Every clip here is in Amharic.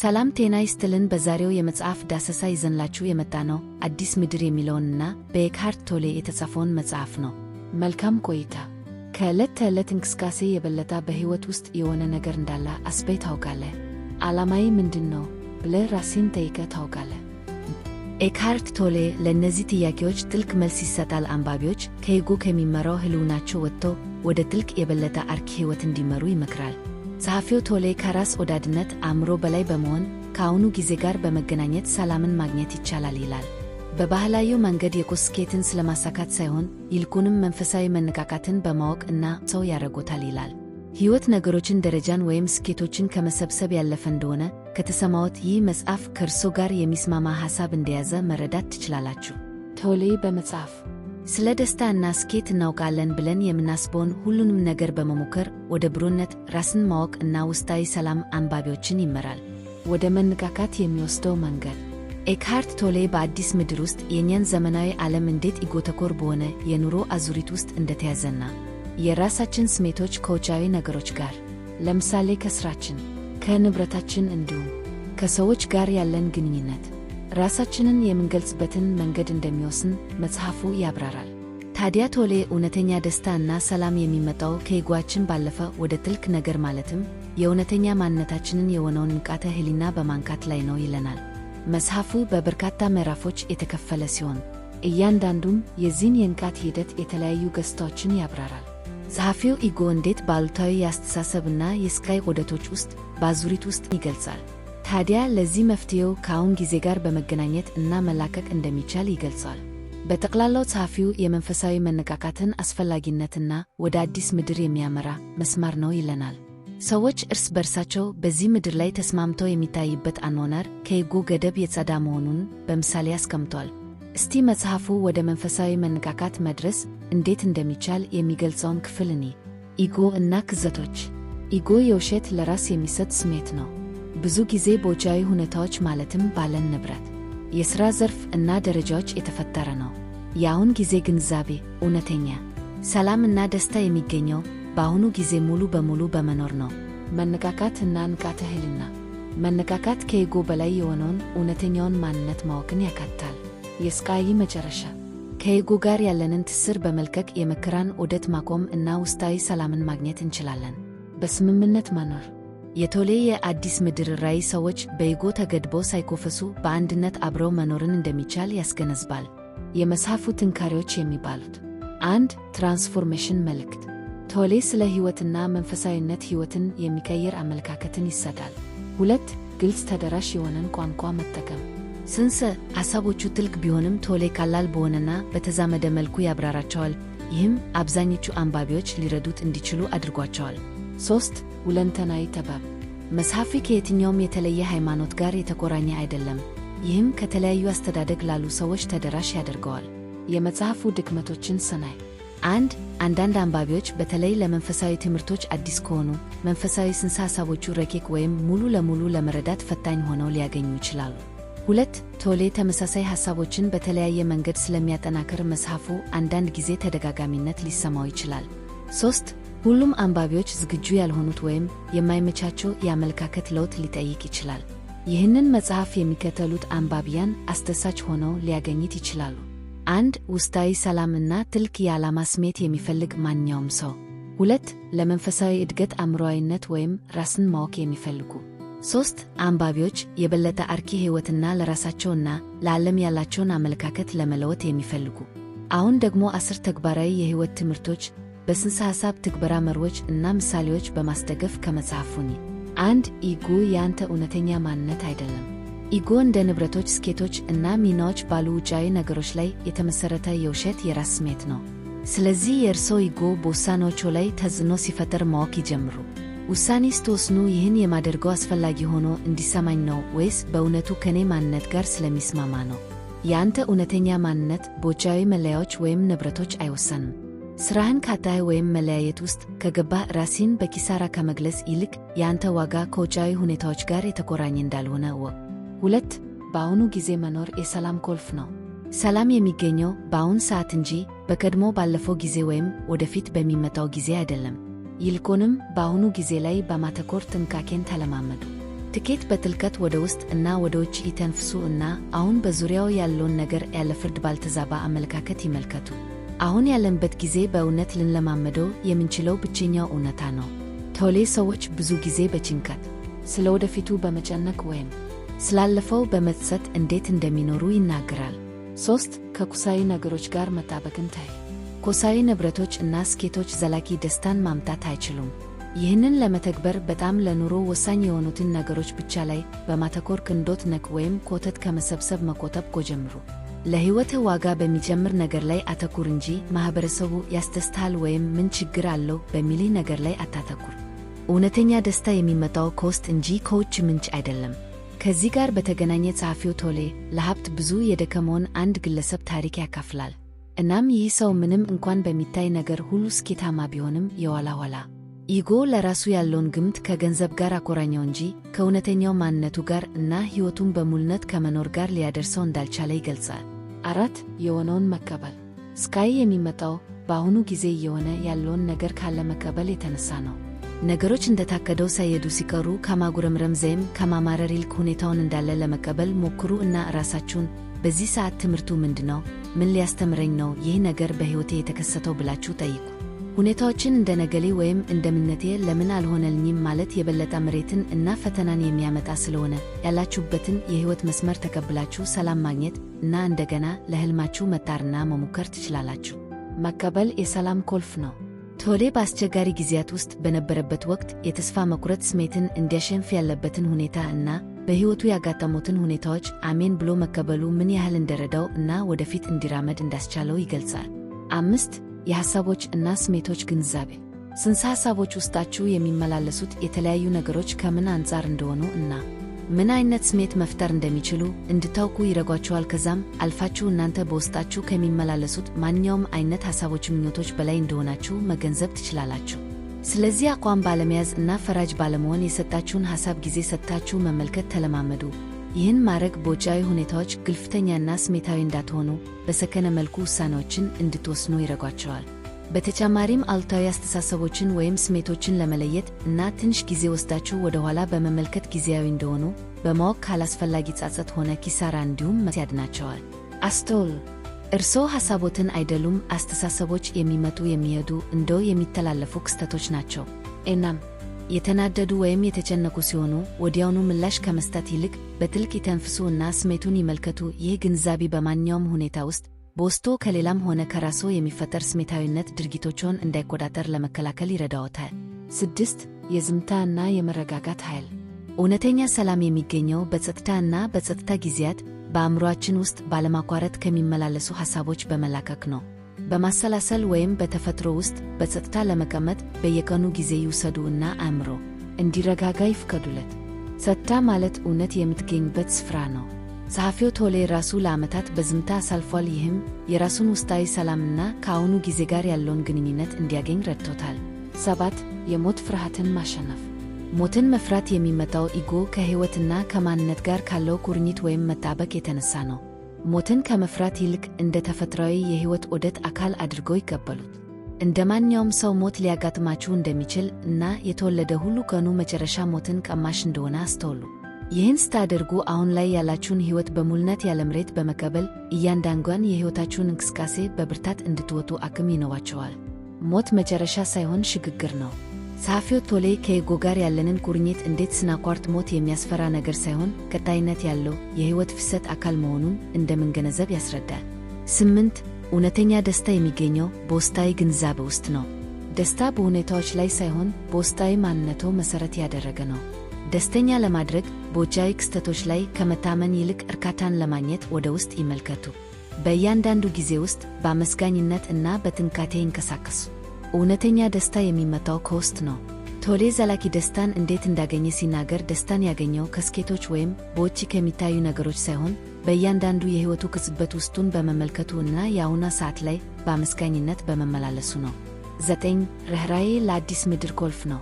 ሰላም ጤና ይስጥልን። በዛሬው የመጽሐፍ ዳሰሳ ይዘንላችሁ የመጣ ነው አዲስ ምድር የሚለውንና በኤክሃርት ቶሌ የተጻፈውን መጽሐፍ ነው። መልካም ቆይታ። ከዕለት ተዕለት እንቅስቃሴ የበለጠ በሕይወት ውስጥ የሆነ ነገር እንዳለ አስበይ ታውቃለህ? ዓላማዬ ምንድን ነው ብለህ ራስህን ጠይቀህ ታውቃለህ? ኤክሃርት ቶሌ ለእነዚህ ጥያቄዎች ጥልቅ መልስ ይሰጣል። አንባቢዎች ከይጎ ከሚመራው ህልውናቸው ወጥተው ወደ ጥልቅ የበለጠ አርኪ ሕይወት እንዲመሩ ይመክራል። ጸሐፊው ቶሌ ከራስ ወዳድነት አእምሮ በላይ በመሆን ከአሁኑ ጊዜ ጋር በመገናኘት ሰላምን ማግኘት ይቻላል ይላል። በባህላዊ መንገድ የቁስ ስኬትን ስለማሳካት ሳይሆን ይልቁንም መንፈሳዊ መነቃቃትን በማወቅ እና ሰው ያደርጎታል ይላል። ሕይወት ነገሮችን ደረጃን ወይም ስኬቶችን ከመሰብሰብ ያለፈ እንደሆነ ከተሰማዎት ይህ መጽሐፍ ከእርሶ ጋር የሚስማማ ሐሳብ እንደያዘ መረዳት ትችላላችሁ። ቶሌ በመጽሐፍ ስለ ደስታ እና ስኬት እናውቃለን ብለን የምናስበውን ሁሉንም ነገር በመሞከር ወደ ብሩነት፣ ራስን ማወቅ እና ውስጣዊ ሰላም አንባቢዎችን ይመራል። ወደ መነቃቃት የሚወስደው መንገድ ኤክሃርት ቶሌ በአዲስ ምድር ውስጥ የእኛን ዘመናዊ ዓለም እንዴት ኢጎተኮር በሆነ የኑሮ አዙሪት ውስጥ እንደተያዘና የራሳችን ስሜቶች ከውጫዊ ነገሮች ጋር ለምሳሌ ከስራችን፣ ከንብረታችን እንዲሁም ከሰዎች ጋር ያለን ግንኙነት ራሳችንን የምንገልጽበትን መንገድ እንደሚወስን መጽሐፉ ያብራራል። ታዲያ ቶሌ እውነተኛ ደስታ እና ሰላም የሚመጣው ከይጓችን ባለፈ ወደ ትልክ ነገር ማለትም የእውነተኛ ማንነታችንን የሆነውን ንቃተ ህሊና በማንካት ላይ ነው ይለናል። መጽሐፉ በበርካታ ምዕራፎች የተከፈለ ሲሆን እያንዳንዱም የዚህን የንቃት ሂደት የተለያዩ ገጽታዎችን ያብራራል። ጸሐፊው ኢጎ እንዴት በአሉታዊ የአስተሳሰብና የስቃይ ዑደቶች ውስጥ በአዙሪት ውስጥ ይገልጻል። ታዲያ ለዚህ መፍትሄው ከአሁን ጊዜ ጋር በመገናኘት እና መላቀቅ እንደሚቻል ይገልጿል። በጠቅላላው ጸሐፊው የመንፈሳዊ መነቃቃትን አስፈላጊነትና ወደ አዲስ ምድር የሚያመራ መስማር ነው ይለናል። ሰዎች እርስ በርሳቸው በዚህ ምድር ላይ ተስማምተው የሚታይበት አኗኗር ከኢጎ ገደብ የጸዳ መሆኑን በምሳሌ አስቀምጧል። እስቲ መጽሐፉ ወደ መንፈሳዊ መነቃቃት መድረስ እንዴት እንደሚቻል የሚገልጸውን ክፍል እኔ ኢጎ እና ክዘቶች ኢጎ የውሸት ለራስ የሚሰጥ ስሜት ነው። ብዙ ጊዜ በውጫዊ ሁኔታዎች ማለትም ባለን ንብረት፣ የሥራ ዘርፍ እና ደረጃዎች የተፈጠረ ነው። የአሁን ጊዜ ግንዛቤ እውነተኛ ሰላም እና ደስታ የሚገኘው በአሁኑ ጊዜ ሙሉ በሙሉ በመኖር ነው። መነካካት እና ንቃተ ህልና መነካካት ከኢጎ በላይ የሆነውን እውነተኛውን ማንነት ማወቅን ያካትታል። የስቃይ መጨረሻ ከኢጎ ጋር ያለንን ትስር በመልቀቅ የመከራን ዑደት ማቆም እና ውስጣዊ ሰላምን ማግኘት እንችላለን። በስምምነት መኖር የቶሌ የአዲስ ምድር ራዕይ ሰዎች በኢጎ ተገድበው ሳይኮፈሱ በአንድነት አብረው መኖርን እንደሚቻል ያስገነዝባል። የመጽሐፉ ትንካሪዎች የሚባሉት አንድ ትራንስፎርሜሽን መልእክት ቶሌ ስለ ሕይወትና መንፈሳዊነት ሕይወትን የሚቀይር አመለካከትን ይሰጣል። ሁለት ግልጽ ተደራሽ የሆነን ቋንቋ መጠቀም ስንሰ ሐሳቦቹ ትልቅ ቢሆንም ቶሌ ቀላል በሆነና በተዛመደ መልኩ ያብራራቸዋል። ይህም አብዛኞቹ አንባቢዎች ሊረዱት እንዲችሉ አድርጓቸዋል። ሶስት ሁለንተናዊ ጥበብ መጽሐፌ ከየትኛውም የተለየ ሃይማኖት ጋር የተቆራኘ አይደለም። ይህም ከተለያዩ አስተዳደግ ላሉ ሰዎች ተደራሽ ያደርገዋል። የመጽሐፉ ድክመቶችን ስናይ አንድ አንዳንድ አንባቢዎች በተለይ ለመንፈሳዊ ትምህርቶች አዲስ ከሆኑ መንፈሳዊ ስንሰ ሐሳቦቹ ረቂቅ ወይም ሙሉ ለሙሉ ለመረዳት ፈታኝ ሆነው ሊያገኙ ይችላሉ። ሁለት ቶሌ ተመሳሳይ ሐሳቦችን በተለያየ መንገድ ስለሚያጠናክር መጽሐፉ አንዳንድ ጊዜ ተደጋጋሚነት ሊሰማው ይችላል። ሶስት ሁሉም አንባቢዎች ዝግጁ ያልሆኑት ወይም የማይመቻቸው የአመለካከት ለውጥ ሊጠይቅ ይችላል። ይህንን መጽሐፍ የሚከተሉት አንባቢያን አስደሳች ሆነው ሊያገኙት ይችላሉ። አንድ ውስጣዊ ሰላምና ትልክ የዓላማ ስሜት የሚፈልግ ማንኛውም ሰው። ሁለት ለመንፈሳዊ እድገት አእምሮዊነት ወይም ራስን ማወቅ የሚፈልጉ። ሦስት አንባቢዎች የበለጠ አርኪ ሕይወትና ለራሳቸውና ለዓለም ያላቸውን አመለካከት ለመለወጥ የሚፈልጉ። አሁን ደግሞ አስር ተግባራዊ የሕይወት ትምህርቶች በስንሰ ሐሳብ ትግበራ መርሆች እና ምሳሌዎች በማስደገፍ ከመጽሐፉኒ አንድ ኢጎ የአንተ እውነተኛ ማንነት አይደለም። ኢጎ እንደ ንብረቶች፣ ስኬቶች እና ሚናዎች ባሉ ውጫዊ ነገሮች ላይ የተመሠረተ የውሸት የራስ ስሜት ነው። ስለዚህ የእርስዎ ኢጎ በውሳኔዎቹ ላይ ተጽዕኖ ሲፈጠር ማወቅ ይጀምሩ። ውሳኔ ስትወስኑ ይህን የማደርገው አስፈላጊ ሆኖ እንዲሰማኝ ነው ወይስ በእውነቱ ከእኔ ማንነት ጋር ስለሚስማማ ነው? የአንተ እውነተኛ ማንነት በውጫዊ መለያዎች ወይም ንብረቶች አይወሰንም። ስራህን ካጣህ ወይም መለያየት ውስጥ ከገባህ ራሲን በኪሳራ ከመግለጽ ይልቅ የአንተ ዋጋ ከውጫዊ ሁኔታዎች ጋር የተቆራኘ እንዳልሆነ እወቅ። ሁለት በአሁኑ ጊዜ መኖር የሰላም ቁልፍ ነው። ሰላም የሚገኘው በአሁን ሰዓት እንጂ በቀድሞ ባለፈው ጊዜ ወይም ወደፊት በሚመጣው ጊዜ አይደለም። ይልቁንም በአሁኑ ጊዜ ላይ በማተኮር ጥንቃቄን ተለማመዱ። ትኬት በትልከት ወደ ውስጥ እና ወደ ውጭ ይተንፍሱ እና አሁን በዙሪያው ያለውን ነገር ያለ ፍርድ ባልተዛባ አመለካከት ይመልከቱ። አሁን ያለንበት ጊዜ በእውነት ልንለማመደው የምንችለው ብቸኛው እውነታ ነው። ቶሌ ሰዎች ብዙ ጊዜ በጭንቀት ስለ ወደፊቱ በመጨነቅ ወይም ስላለፈው በመጸጸት እንዴት እንደሚኖሩ ይናገራል። ሶስት ከቁሳዊ ነገሮች ጋር መጣበቅን ተይ። ቁሳዊ ንብረቶች እና ስኬቶች ዘላቂ ደስታን ማምጣት አይችሉም። ይህንን ለመተግበር በጣም ለኑሮ ወሳኝ የሆኑትን ነገሮች ብቻ ላይ በማተኮር ክንዶት ነክ ወይም ኮተት ከመሰብሰብ መቆጠብ ጎጀምሩ። ለሕይወትህ ዋጋ በሚጨምር ነገር ላይ አተኩር እንጂ ማኅበረሰቡ ያስደስታል ወይም ምን ችግር አለው በሚልህ ነገር ላይ አታተኩር። እውነተኛ ደስታ የሚመጣው ከውስጥ እንጂ ከውጭ ምንጭ አይደለም። ከዚህ ጋር በተገናኘ ጸሐፊው ቶሌ ለሀብት ብዙ የደከመውን አንድ ግለሰብ ታሪክ ያካፍላል። እናም ይህ ሰው ምንም እንኳን በሚታይ ነገር ሁሉ ስኬታማ ቢሆንም የኋላ ኋላ ኢጎ ለራሱ ያለውን ግምት ከገንዘብ ጋር አኮራኘው እንጂ ከእውነተኛው ማንነቱ ጋር እና ሕይወቱን በሙልነት ከመኖር ጋር ሊያደርሰው እንዳልቻለ ይገልጻል። አራት የሆነውን መቀበል ስካይ የሚመጣው በአሁኑ ጊዜ እየሆነ ያለውን ነገር ካለመቀበል የተነሳ ነው። ነገሮች እንደታከደው ሳይሄዱ ሲቀሩ ከማጉረምረም ዘይም ከማማረር ይልቅ ሁኔታውን እንዳለ ለመቀበል ሞክሩ እና ራሳችሁን በዚህ ሰዓት ትምህርቱ ምንድነው? ምን ሊያስተምረኝ ነው? ይህ ነገር በሕይወቴ የተከሰተው ብላችሁ ጠይቁ። ሁኔታዎችን እንደ ነገሌ ወይም እንደ ምነቴ ለምን አልሆነልኝም ማለት የበለጠ ምሬትን እና ፈተናን የሚያመጣ ስለሆነ ያላችሁበትን የህይወት መስመር ተቀብላችሁ ሰላም ማግኘት እና እንደገና ለህልማችሁ መጣርና መሞከር ትችላላችሁ። መቀበል የሰላም ቁልፍ ነው። ቶሌ በአስቸጋሪ ጊዜያት ውስጥ በነበረበት ወቅት የተስፋ መቁረጥ ስሜትን እንዲያሸንፍ ያለበትን ሁኔታ እና በሕይወቱ ያጋጠሙትን ሁኔታዎች አሜን ብሎ መቀበሉ ምን ያህል እንደረዳው እና ወደፊት እንዲራመድ እንዳስቻለው ይገልጻል። አምስት የሐሳቦች እና ስሜቶች ግንዛቤ ስንሰ ሐሳቦች ውስጣችሁ የሚመላለሱት የተለያዩ ነገሮች ከምን አንጻር እንደሆኑ እና ምን አይነት ስሜት መፍጠር እንደሚችሉ እንድታውቁ ይረጓችኋል። ከዛም አልፋችሁ እናንተ በውስጣችሁ ከሚመላለሱት ማንኛውም አይነት ሐሳቦች፣ ምኞቶች በላይ እንደሆናችሁ መገንዘብ ትችላላችሁ። ስለዚህ አቋም ባለመያዝ እና ፈራጅ ባለመሆን የሰጣችሁን ሐሳብ ጊዜ ሰጥታችሁ መመልከት ተለማመዱ። ይህን ማድረግ በውጫዊ ሁኔታዎች ግልፍተኛና ስሜታዊ እንዳትሆኑ በሰከነ መልኩ ውሳኔዎችን እንድትወስኑ ይረጓቸዋል። በተጨማሪም አሉታዊ አስተሳሰቦችን ወይም ስሜቶችን ለመለየት እና ትንሽ ጊዜ ወስዳችሁ ወደ ኋላ በመመልከት ጊዜያዊ እንደሆኑ በማወቅ ካላስፈላጊ ጸጸት ሆነ ኪሳራ እንዲሁም መስ ያድናቸዋል። አስቶል እርስዎ ሐሳቦትን አይደሉም አስተሳሰቦች የሚመጡ የሚሄዱ እንደው የሚተላለፉ ክስተቶች ናቸው። እናም የተናደዱ ወይም የተጨነቁ ሲሆኑ ወዲያውኑ ምላሽ ከመስጠት ይልቅ በጥልቅ ይተንፍሱ እና ስሜቱን ይመልከቱ። ይህ ግንዛቤ በማንኛውም ሁኔታ ውስጥ በውስጦ ከሌላም ሆነ ከራስዎ የሚፈጠር ስሜታዊነት ድርጊቶችዎን እንዳይቆጣጠር ለመከላከል ይረዳዎታል። ስድስት የዝምታ እና የመረጋጋት ኃይል። እውነተኛ ሰላም የሚገኘው በጸጥታ እና በጸጥታ ጊዜያት በአእምሮአችን ውስጥ ባለማቋረጥ ከሚመላለሱ ሐሳቦች በመላከክ ነው። በማሰላሰል ወይም በተፈጥሮ ውስጥ በጸጥታ ለመቀመጥ በየቀኑ ጊዜ ይውሰዱ እና አእምሮ እንዲረጋጋ ይፍቀዱለት። ሰጥታ ማለት እውነት የምትገኝበት ስፍራ ነው። ጸሐፊው ቶሌ ራሱ ለዓመታት በዝምታ አሳልፏል። ይህም የራሱን ውስጣዊ ሰላምና ከአሁኑ ጊዜ ጋር ያለውን ግንኙነት እንዲያገኝ ረድቶታል። ሰባት የሞት ፍርሃትን ማሸነፍ። ሞትን መፍራት የሚመጣው ኢጎ ከሕይወትና ከማንነት ጋር ካለው ቁርኝት ወይም መጣበቅ የተነሳ ነው። ሞትን ከመፍራት ይልቅ እንደ ተፈጥሯዊ የሕይወት ዑደት አካል አድርገው ይቀበሉት። እንደ ማንኛውም ሰው ሞት ሊያጋጥማችሁ እንደሚችል እና የተወለደ ሁሉ ቀኑ መጨረሻ ሞትን ቀማሽ እንደሆነ አስተውሉ። ይህን ስታደርጉ አሁን ላይ ያላችሁን ሕይወት በሙልነት ያለምሬት በመቀበል እያንዳንዷን የሕይወታችሁን እንቅስቃሴ በብርታት እንድትወጡ አቅም ይነዋቸዋል። ሞት መጨረሻ ሳይሆን ሽግግር ነው። ጸሐፊው ቶሌ ከኢጎ ጋር ያለንን ቁርኝት እንዴት ስናኳርት ሞት የሚያስፈራ ነገር ሳይሆን ቀጣይነት ያለው የሕይወት ፍሰት አካል መሆኑን እንደምንገነዘብ ያስረዳል። ስምንት እውነተኛ ደስታ የሚገኘው በውስጣዊ ግንዛቤ ውስጥ ነው። ደስታ በሁኔታዎች ላይ ሳይሆን በውስጣዊ ማንነቶ መሠረት ያደረገ ነው። ደስተኛ ለማድረግ በውጫዊ ክስተቶች ላይ ከመታመን ይልቅ እርካታን ለማግኘት ወደ ውስጥ ይመልከቱ። በእያንዳንዱ ጊዜ ውስጥ በአመስጋኝነት እና በትንካቴ ይንቀሳቀሱ። እውነተኛ ደስታ የሚመጣው ከውስጥ ነው። ቶሌ ዘላኪ ደስታን እንዴት እንዳገኘ ሲናገር ደስታን ያገኘው ከስኬቶች ወይም በውጭ ከሚታዩ ነገሮች ሳይሆን በእያንዳንዱ የሕይወቱ ክስበት ውስጡን በመመልከቱ እና የአሁኗ ሰዓት ላይ በአመስጋኝነት በመመላለሱ ነው። ዘጠኝ ርኅራዬ ለአዲስ ምድር ኮልፍ ነው።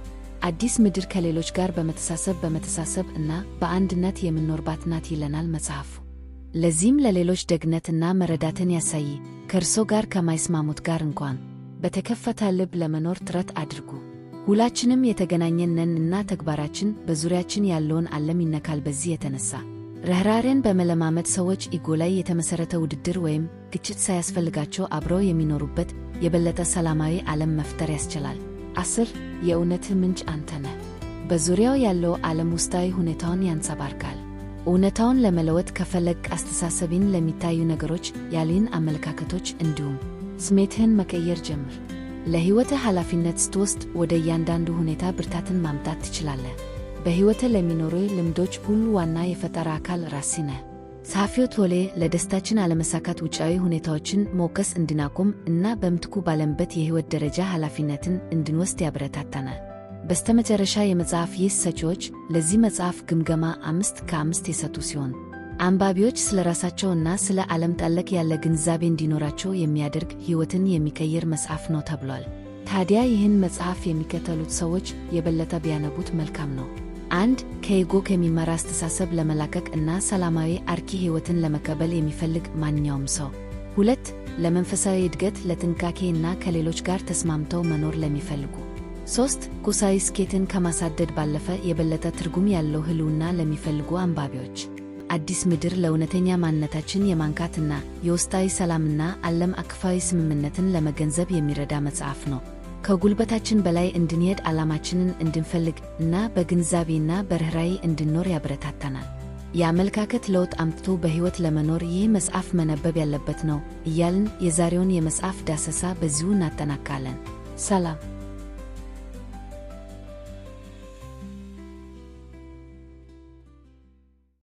አዲስ ምድር ከሌሎች ጋር በመተሳሰብ በመተሳሰብ እና በአንድነት የምኖርባት ናት ይለናል መጽሐፉ። ለዚህም ለሌሎች ደግነትና መረዳትን ያሳይ ከእርሶ ጋር ከማይስማሙት ጋር እንኳን በተከፈተ ልብ ለመኖር ጥረት አድርጉ። ሁላችንም የተገናኘነን እና ተግባራችን በዙሪያችን ያለውን ዓለም ይነካል። በዚህ የተነሳ ርኅራኄን በመለማመድ ሰዎች ኢጎ ላይ የተመሠረተ ውድድር ወይም ግጭት ሳያስፈልጋቸው አብረው የሚኖሩበት የበለጠ ሰላማዊ ዓለም መፍጠር ያስችላል። አስር የእውነትህ ምንጭ አንተ ነህ። በዙሪያው ያለው ዓለም ውስጣዊ ሁኔታውን ያንጸባርካል። እውነታውን ለመለወጥ ከፈለግ አስተሳሰቢን ለሚታዩ ነገሮች ያሊን አመለካከቶች እንዲሁም ስሜትህን መቀየር ጀምር። ለሕይወትህ ኃላፊነት ስትወስድ ወደ እያንዳንዱ ሁኔታ ብርታትን ማምጣት ትችላለህ። በሕይወትህ ለሚኖሩ ልምዶች ሁሉ ዋና የፈጠራ አካል ራስህ ነህ። ጸሐፊው ቶሌ ለደስታችን አለመሳካት ውጫዊ ሁኔታዎችን መውቀስ እንድናቆም እና በምትኩ ባለንበት የሕይወት ደረጃ ኃላፊነትን እንድንወስድ ያበረታታናል። በስተመጨረሻ የመጽሐፍ ይህ ሰጪዎች ለዚህ መጽሐፍ ግምገማ አምስት ከአምስት የሰጡ ሲሆን አንባቢዎች ስለ ራሳቸውና ስለ ዓለም ጠለቅ ያለ ግንዛቤ እንዲኖራቸው የሚያደርግ ሕይወትን የሚቀይር መጽሐፍ ነው ተብሏል። ታዲያ ይህን መጽሐፍ የሚከተሉት ሰዎች የበለጠ ቢያነቡት መልካም ነው። አንድ ከኤጎ ከሚመራ አስተሳሰብ ለመላቀቅ እና ሰላማዊ አርኪ ሕይወትን ለመቀበል የሚፈልግ ማንኛውም ሰው። ሁለት ለመንፈሳዊ እድገት፣ ለጥንቃቄ እና ከሌሎች ጋር ተስማምተው መኖር ለሚፈልጉ። ሦስት ቁሳዊ ስኬትን ከማሳደድ ባለፈ የበለጠ ትርጉም ያለው ሕልውና ለሚፈልጉ አንባቢዎች አዲስ ምድር ለእውነተኛ ማንነታችን የማንካትና የውስጣዊ ሰላምና ዓለም አቀፋዊ ስምምነትን ለመገንዘብ የሚረዳ መጽሐፍ ነው። ከጉልበታችን በላይ እንድንሄድ፣ ዓላማችንን እንድንፈልግ እና በግንዛቤና በርኅራይ እንድንኖር ያበረታታናል። የአመለካከት ለውጥ አምጥቶ በሕይወት ለመኖር ይህ መጽሐፍ መነበብ ያለበት ነው እያልን የዛሬውን የመጽሐፍ ዳሰሳ በዚሁ እናጠናካለን። ሰላም።